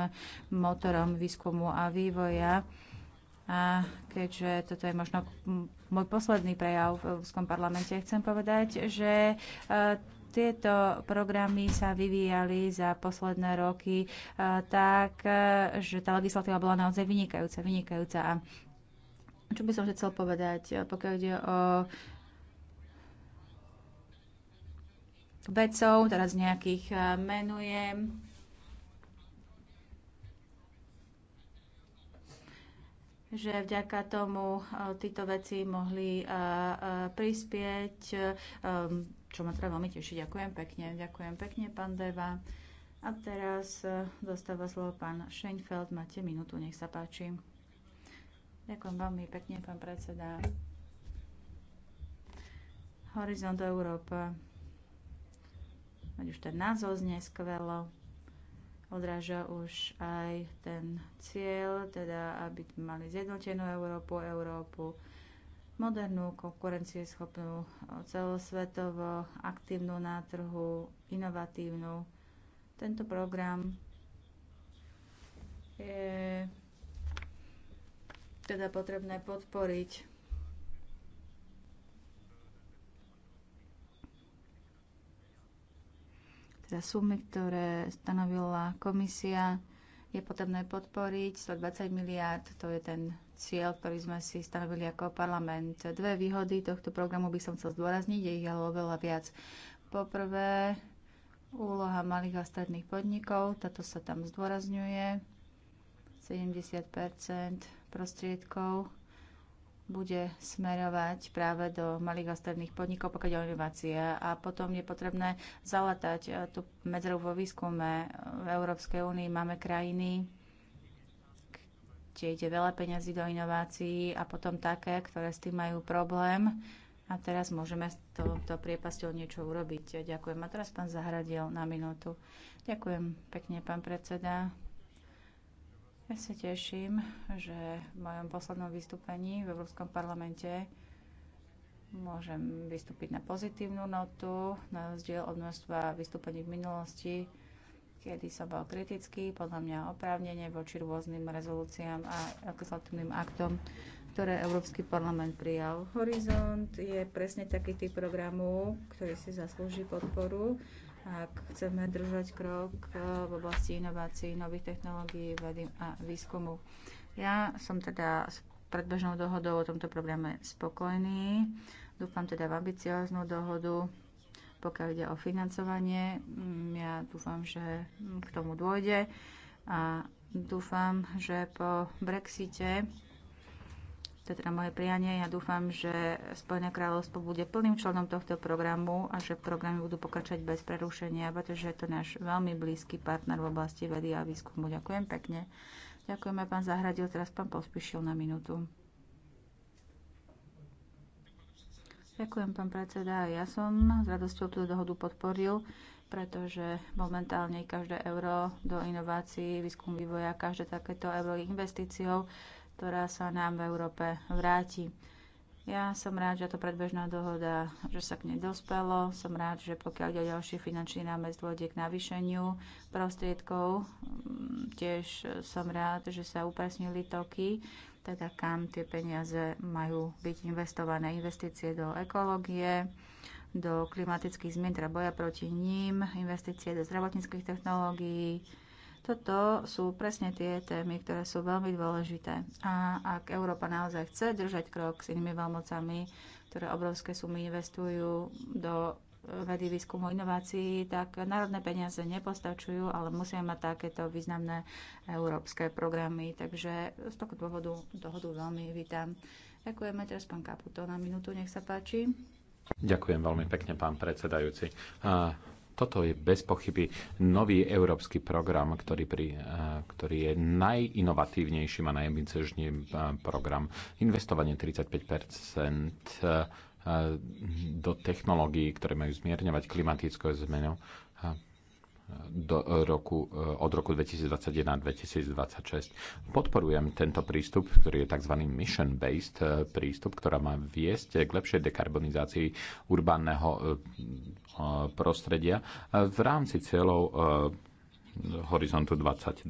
C: motorom výskumu a vývoja. A keďže toto je možno môj posledný prejav v Európskom parlamente, chcem povedať, že e, tieto programy sa vyvíjali za posledné roky e, tak, e, že tá legislatíva bola naozaj vynikajúca, vynikajúca. A čo by som chcel povedať, e, pokiaľ ide o vedcov, teraz nejakých menujem. že vďaka tomu títo veci mohli prispieť čo ma teda veľmi teší. Ďakujem pekne, ďakujem pekne, pán Deva. A teraz e, dostáva slovo pán Scheinfeld. Máte minútu, nech sa páči. Ďakujem veľmi pekne, pán predseda. Horizont Európa. Veď už ten názov znie skvelo. Odráža už aj ten cieľ, teda aby mali zjednotenú Európu, Európu modernú, konkurencieschopnú, eh, celosvetovo aktívnu na trhu, inovatívnu. Tento program je teda potrebné podporiť teda sumy, ktoré stanovila komisia je potrebné podporiť 120 miliard, to je ten cieľ, ktorý sme si stanovili ako parlament. Dve výhody tohto programu by som chcel zdôrazniť, je ich ale oveľa viac. Poprvé, úloha malých a stredných podnikov, táto sa tam zdôrazňuje, 70 prostriedkov bude smerovať práve do malých a stredných podnikov, pokiaľ o inovácie. A potom je potrebné zalatať eh, tú medzeru vo výskume. V Európskej únii máme krajiny, kde ide veľa peňazí do inovácií a potom také, ktoré s tým majú problém. A teraz môžeme s touto priepasťou niečo urobiť. Ďakujem. A teraz pán Zahradil na minútu. Ďakujem pekne, pán predseda. Ja sa teším, že v mojom poslednom vystúpení v Európskom parlamente môžem vystúpiť na pozitívnu notu, na rozdiel od množstva vystúpení v minulosti, kedy som bol kritický, podľa mňa oprávnenie voči rôznym rezolúciám a legislatívnym aktom, ktoré Európsky parlament prijal. Horizont je presne taký typ programu, ktorý si zaslúži podporu ak chceme držať krok eh, v oblasti inovácií, nových technológií, vedy a výskumu. Ja som teda s predbežnou dohodou o tomto programe spokojný. Dúfam teda v ambicióznu dohodu, pokiaľ ide o financovanie. Mm, ja dúfam, že k tomu dôjde a dúfam, že po Brexite to je teda moje prianie. Ja dúfam, že Spojené kráľovstvo bude plným členom tohto programu a že programy budú pokračovať bez prerušenia, pretože je to náš veľmi blízky partner v oblasti vedy a výskumu. Ďakujem pekne. Ďakujeme, pán Zahradil. Teraz pán pospíšil na minútu. Ďakujem, pán predseda. Ja som s radosťou túto dohodu podporil, pretože momentálne každé euro do inovácií, výskum vývoja, každé takéto euro investíciou ktorá sa nám v Európe vráti. Ja som rád, že to predbežná dohoda, že sa k nej dospelo. Som rád, že pokiaľ ide ďalší finančný námest dôjde k navýšeniu prostriedkov. Mm, tiež som rád, že sa upresnili toky, teda kam tie peniaze majú byť investované. Investície do ekológie, do klimatických zmien, teda boja proti ním, investície do zdravotníckých technológií, toto sú presne tie témy, ktoré sú veľmi dôležité. A ak Európa naozaj chce držať krok s inými veľmocami, ktoré obrovské sumy investujú do vedy, výskumu, inovácií, tak národné peniaze nepostačujú, ale musíme mať takéto významné európske programy. Takže z toho dôvodu dohodu veľmi vítam. Ďakujeme teraz pán Kaputo na minútu, nech sa páči.
A: Ďakujem veľmi pekne, pán predsedajúci. Toto je bez pochyby nový európsky program, ktorý, pri, eh, ktorý je najinovatívnejším a najambicežným eh, program. Investovanie 35 eh, do technológií, ktoré majú zmierňovať klimatickú zmenu do roku, eh, od roku 2021-2026. Podporujem tento prístup, ktorý je tzv. mission-based eh, prístup, ktorá má viesť k lepšej dekarbonizácii urbánneho eh, prostredia v rámci cieľov horizontu 2020.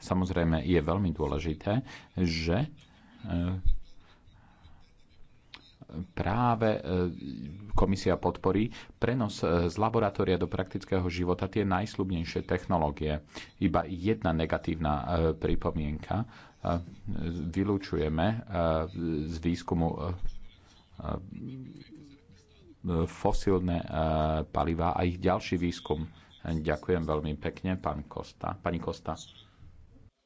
A: Samozrejme je veľmi dôležité, že práve e, komisia podporí prenos e, z laboratória do praktického života tie najslubnejšie technológie. Iba jedna negatívna e, pripomienka. Vylúčujeme z výskumu fosílne paliva a ich ďalší výskum. Ďakujem veľmi pekne, pán Kosta. Pani Kosta.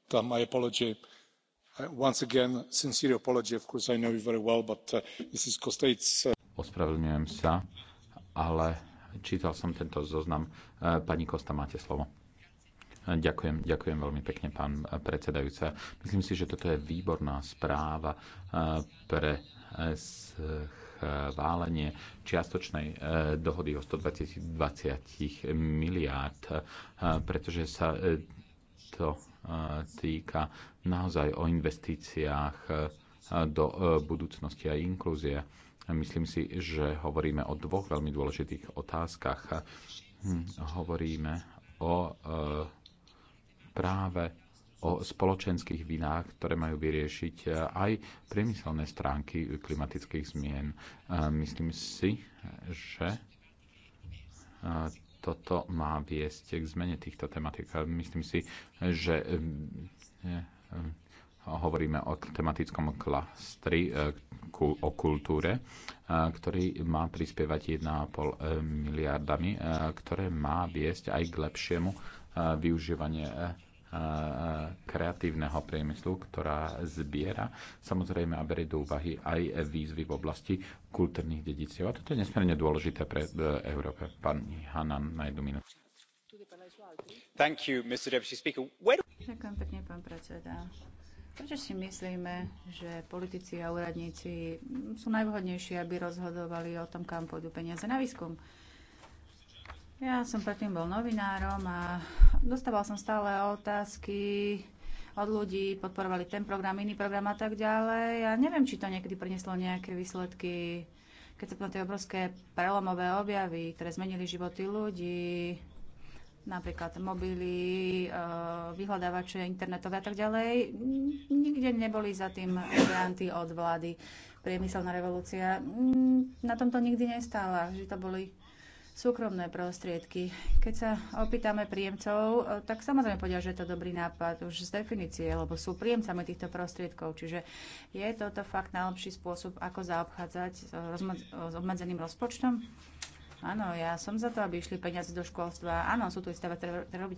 A: Tam aj apology. Uh, uh, uh, Ospravedlňujem sa, ale čítal som tento zoznam. Pani Kosta, máte slovo. Ďakujem, ďakujem veľmi pekne, pán predsedajúca. Myslím si, že toto je výborná správa pre schválenie čiastočnej dohody o 120 miliárd, pretože sa to týka naozaj o investíciách e, do e, budúcnosti a inklúzie. Myslím si, že hovoríme o dvoch veľmi dôležitých otázkach. Hm, hovoríme o e, práve o spoločenských vinách, ktoré majú vyriešiť aj priemyselné stránky klimatických zmien. Myslím si, že toto má viesť k zmene týchto tematik. Myslím si, že Ehm, hovoríme o tematickom klastri eh, o kultúre, eh, ktorý má prispievať 1,5 eh, miliardami, ktoré má viesť aj k lepšiemu využívanie kreatívneho priemyslu, ktorá zbiera samozrejme a berie do úvahy aj výzvy v oblasti kultúrnych dediciev. A toto je nesmierne dôležité pre Európe. Pán Hanan, na jednu minútu. Ďakujem
C: pekne, pán predseda. Prečo si myslíme, že politici a úradníci sú najvhodnejší, aby rozhodovali o tom, kam pôjdu peniaze na výskum? Ja som predtým bol novinárom a dostával som stále otázky od ľudí, podporovali ten program, iný program a tak ďalej. Ja neviem, či to niekedy prinieslo nejaké výsledky, keď sa tie obrovské prelomové objavy, ktoré zmenili životy ľudí, napríklad mobily, e, vyhľadávače internetové a tak ďalej, nikde neboli za tým granty od vlády. Priemyselná revolúcia
B: mm,
C: na tomto nikdy nestála, že to boli súkromné prostriedky. Keď sa opýtame príjemcov, e, tak samozrejme povedia, že je to dobrý nápad už z definície, lebo sú príjemcami týchto prostriedkov. Čiže je toto fakt najlepší spôsob, ako zaobchádzať s obmedzeným rozpočtom? Áno, ja som za to, aby išli peniaze do školstva. Áno, sú tu isté veci,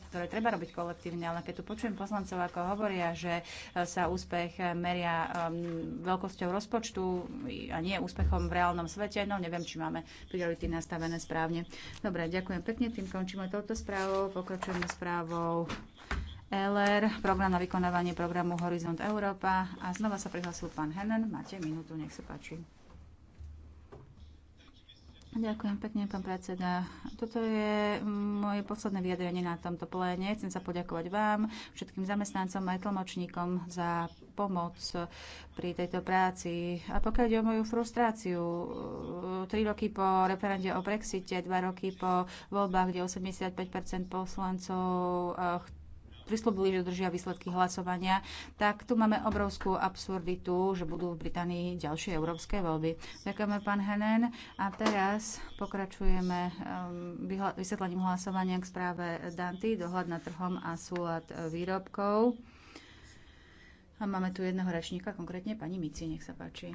C: ktoré treba robiť kolektívne, ale keď tu počujem poslancov, ako hovoria, že e, sa úspech e, meria um, veľkosťou rozpočtu a nie úspechom v reálnom svete, no neviem, či máme priority nastavené správne. Dobre, ďakujem pekne, tým končíme touto správou, pokračujeme správou LR, program na vykonávanie programu Horizont Európa a znova sa prihlásil pán Henen. Máte minútu, nech sa páči. Ďakujem pekne, pán predseda. Toto je moje posledné vyjadrenie na tomto pléne. Chcem sa poďakovať vám, všetkým zamestnancom aj tlmočníkom za pomoc pri tejto práci. A pokiaľ ide o moju frustráciu, tri roky po referende o Brexite, dva roky po voľbách, kde 85 poslancov eh, prislúbili, že držia výsledky hlasovania, tak tu máme obrovskú absurditu, že budú v Británii ďalšie európske voľby. Ďakujeme, pán Henen. A teraz pokračujeme um, vysvetlením hlasovania k správe Danty, dohľad nad trhom a súlad e, výrobkov. A máme tu jedného rečníka, konkrétne pani Mici, nech sa páči.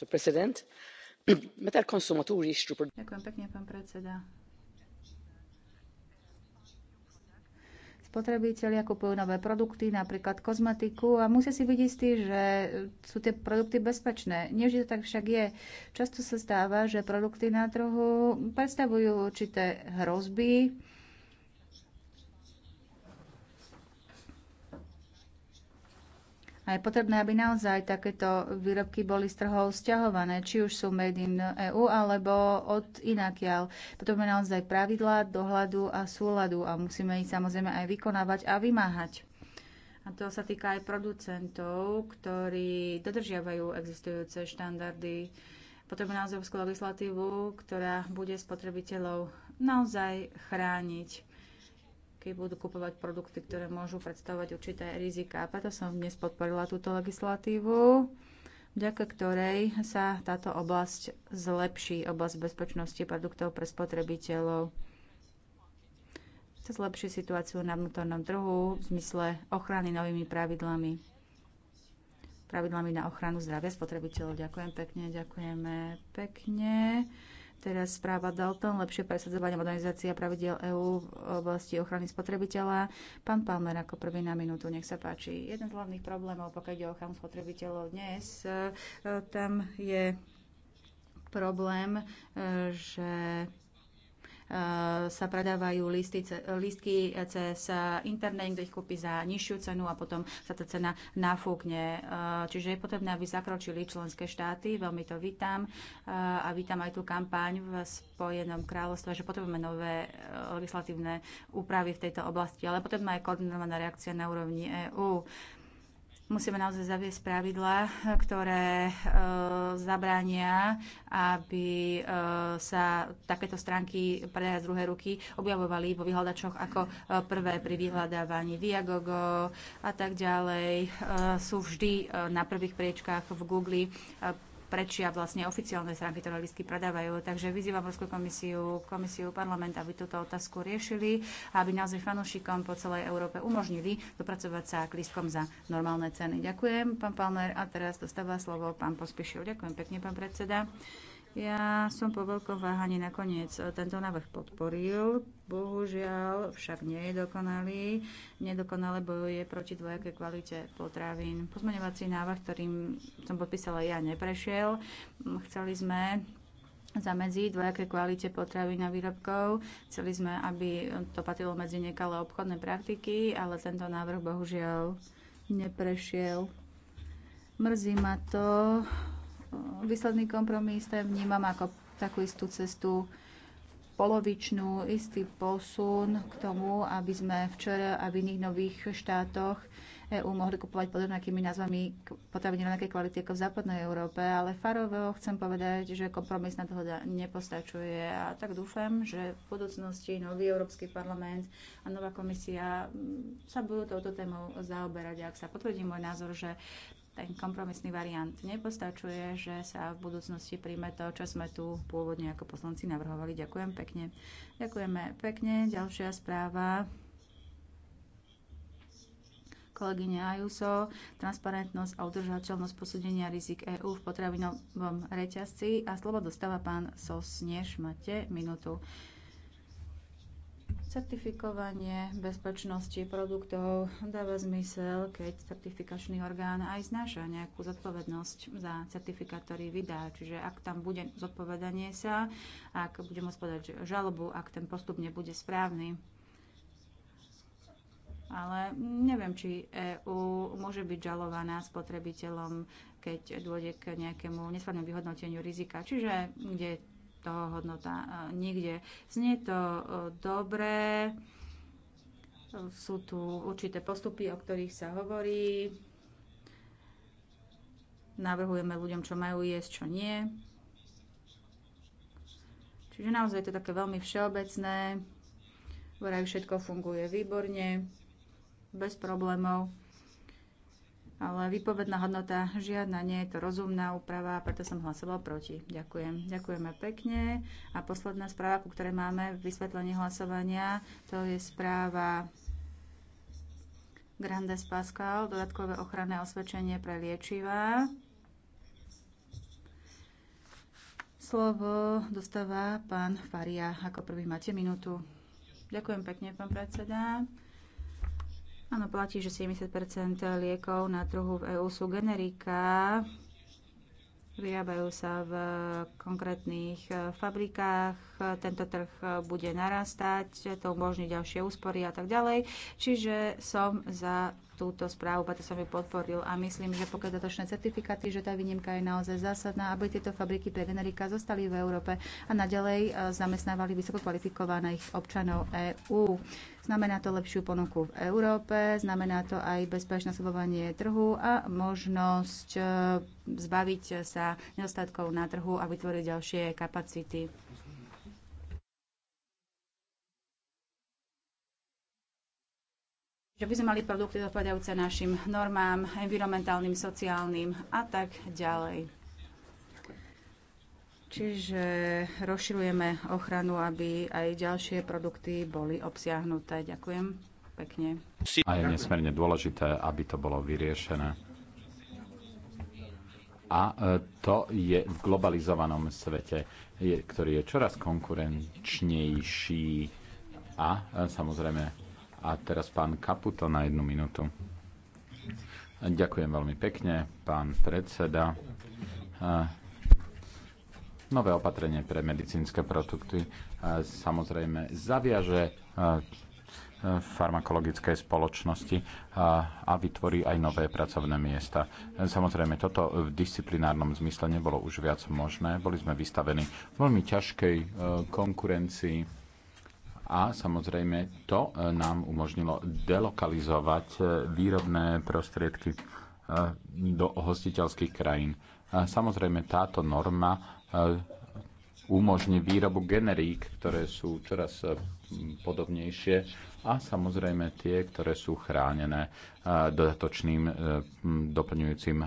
C: Ďakujem pekne, pán predseda. Spotrebitelia kupujú nové produkty, napríklad kozmetiku a musia si byť istí, že sú tie produkty bezpečné. Nie vždy to tak však je. Často sa stáva, že produkty na trhu predstavujú určité hrozby, A je potrebné, aby naozaj takéto výrobky boli z trhov sťahované, či už sú made in EU alebo od inakiaľ. Potrebujeme naozaj pravidlá, dohľadu a súladu a musíme ich samozrejme aj vykonávať a vymáhať. A to sa týka aj producentov, ktorí dodržiavajú existujúce štandardy. Potrebujeme naozaj legislatívu, ktorá bude spotrebiteľov naozaj chrániť keď budú kupovať produkty, ktoré môžu predstavovať určité rizika. A preto som dnes podporila túto legislatívu, vďaka ktorej sa táto oblasť zlepší, oblasť bezpečnosti produktov pre spotrebiteľov sa zlepší situáciu na vnútornom trhu v zmysle ochrany novými pravidlami pravidlami na ochranu zdravia spotrebiteľov. Ďakujem pekne, ďakujeme pekne. Teraz správa Dalton, lepšie presadzovanie modernizácia pravidel EÚ v oblasti ochrany spotrebiteľa. Pán Palmer ako prvý na minútu, nech sa páči. Jeden z hlavných problémov, pokiaľ ide o ochranu spotrebiteľov dnes, e, tam je problém, e, že Eh, sa predávajú listy, listky cez eh, internet, kde ich kúpi za nižšiu cenu a potom sa tá cena nafúkne. Eh, čiže je potrebné, aby zakročili členské štáty, veľmi to vítam a vítam aj tú kampaň v Spojenom kráľovstve, že potrebujeme nové legislatívne úpravy v tejto oblasti, ale potrebujeme aj koordinovaná reakcia na úrovni EÚ. Musíme naozaj zaviesť pravidlá, ktoré e, zabránia, aby e, sa takéto stránky predaja z druhej ruky objavovali vo vyhľadačoch ako e, prvé pri vyhľadávaní Viagogo a tak ďalej. E, sú vždy e, na prvých priečkách v Google. E, prečia vlastne oficiálne stránky, ktoré lístky predávajú. Takže vyzývam Európsku komisiu, komisiu parlament, aby túto otázku riešili a aby naozaj fanúšikom po celej Európe umožnili dopracovať sa k lístkom za normálne ceny. Ďakujem, pán Palmer. A teraz dostáva slovo pán Pospešil. Ďakujem pekne, pán predseda. Ja som po veľkom váhaní nakoniec eh, tento návrh podporil. Bohužiaľ však nie je dokonalý. Nedokonale bojuje proti dvojakej kvalite potravín. Pozmeňovací návrh, ktorým som podpísala ja, neprešiel. Mm, chceli sme zamedziť dvojaké kvalite potravín a výrobkov. Chceli sme, aby eh, to patrilo medzi nekalé obchodné praktiky, ale tento návrh bohužiaľ neprešiel. Mrzí ma to, Výsledný kompromis ten vnímam ako takú istú cestu polovičnú, istý posun k tomu, aby sme včera a v iných nových štátoch EÚ mohli kupovať pod rovnakými názvami potraviny rovnakej kvality ako v západnej Európe, ale Farovo chcem povedať, že na dohoda nepostačuje a tak dúfam, že v budúcnosti nový Európsky parlament a nová komisia mm, sa budú touto témou zaoberať. Ak sa potvrdí môj názor, že ten kompromisný variant nepostačuje, že sa v budúcnosti príjme to, čo sme tu pôvodne ako poslanci navrhovali. Ďakujem pekne. Ďakujeme pekne. Ďalšia správa kolegyňa Ajuso, transparentnosť a udržateľnosť posúdenia rizik EÚ v potravinovom reťazci a slovo dostáva pán Sosnež. Máte minútu. Certifikovanie bezpečnosti produktov dáva zmysel, keď certifikačný orgán aj znáša nejakú zodpovednosť za certifikát, ktorý vydá. Čiže ak tam bude zodpovedanie sa, ak bude môcť podať žalobu, ak ten postup nebude správny, ale neviem, či EÚ môže byť žalovaná spotrebiteľom, keď dôjde k nejakému nesprávnemu vyhodnoteniu rizika. Čiže kde toho hodnota e, nikde. Znie to e, dobre, sú tu určité postupy, o ktorých sa hovorí. Navrhujeme ľuďom, čo majú jesť, čo nie. Čiže naozaj je to také veľmi všeobecné. Vraj všetko funguje výborne, bez problémov ale výpovedná hodnota žiadna, nie je to rozumná úprava, preto som hlasoval proti. Ďakujem. Ďakujeme pekne. A posledná správa, ku ktorej máme vysvetlenie hlasovania, to je správa Grandes Pascal, dodatkové ochranné osvedčenie pre liečivá. Slovo dostáva pán Faria. Ako prvý máte minútu. Ďakujem pekne, pán predseda. Áno, platí, že 70 liekov na trhu v EÚ sú generika. Vyrábajú sa v konkrétnych e, fabrikách, tento trh e, bude narastať, to umožní ďalšie úspory a tak ďalej. Čiže som za túto správu, preto som ju podporil a myslím, že pokiaľ dotočné certifikáty, že tá výnimka je naozaj zásadná, aby tieto fabriky pre generika zostali v Európe a naďalej e, zamestnávali vysoko kvalifikovaných občanov EÚ. Znamená to lepšiu ponuku v Európe, znamená to aj bezpečné slobovanie trhu a možnosť e, zbaviť sa nedostatkov na trhu a vytvoriť ďalšie kapacity. že by sme mali produkty dopadajúce našim normám, environmentálnym, sociálnym a tak ďalej. Čiže rozširujeme ochranu, aby aj ďalšie produkty boli obsiahnuté. Ďakujem pekne.
A: A je nesmierne dôležité, aby to bolo vyriešené. A e, to je v globalizovanom svete, ktorý je čoraz konkurenčnejší. A e, samozrejme, a teraz pán Kaputo na jednu minútu. Ďakujem veľmi pekne, pán predseda e, nové opatrenie pre medicínske produkty e, samozrejme zaviaže e, farmakologickej spoločnosti a, e, a vytvorí aj nové pracovné miesta. Samozrejme, toto v disciplinárnom zmysle nebolo už viac možné. Boli sme vystavení veľmi ťažkej konkurencii a samozrejme to nám umožnilo delokalizovať výrobné prostriedky do hostiteľských krajín. Samozrejme, táto norma e, umožní výrobu generík, ktoré sú čoraz e, podobnejšie a samozrejme tie, ktoré sú chránené e, dodatočným doplňujúcim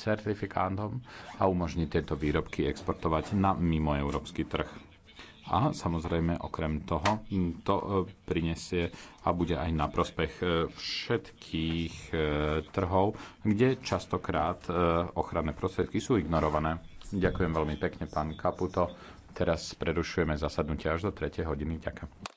A: certifikátom a umožní tieto výrobky exportovať na mimoeurópsky trh a samozrejme okrem toho to e, prinesie a bude aj na prospech e, všetkých e, trhov, kde častokrát ochranné prostriedky sú ignorované. Ďakujem veľmi pekne, pán Kaputo. Teraz prerušujeme zasadnutie až do 3. hodiny. Ďakujem.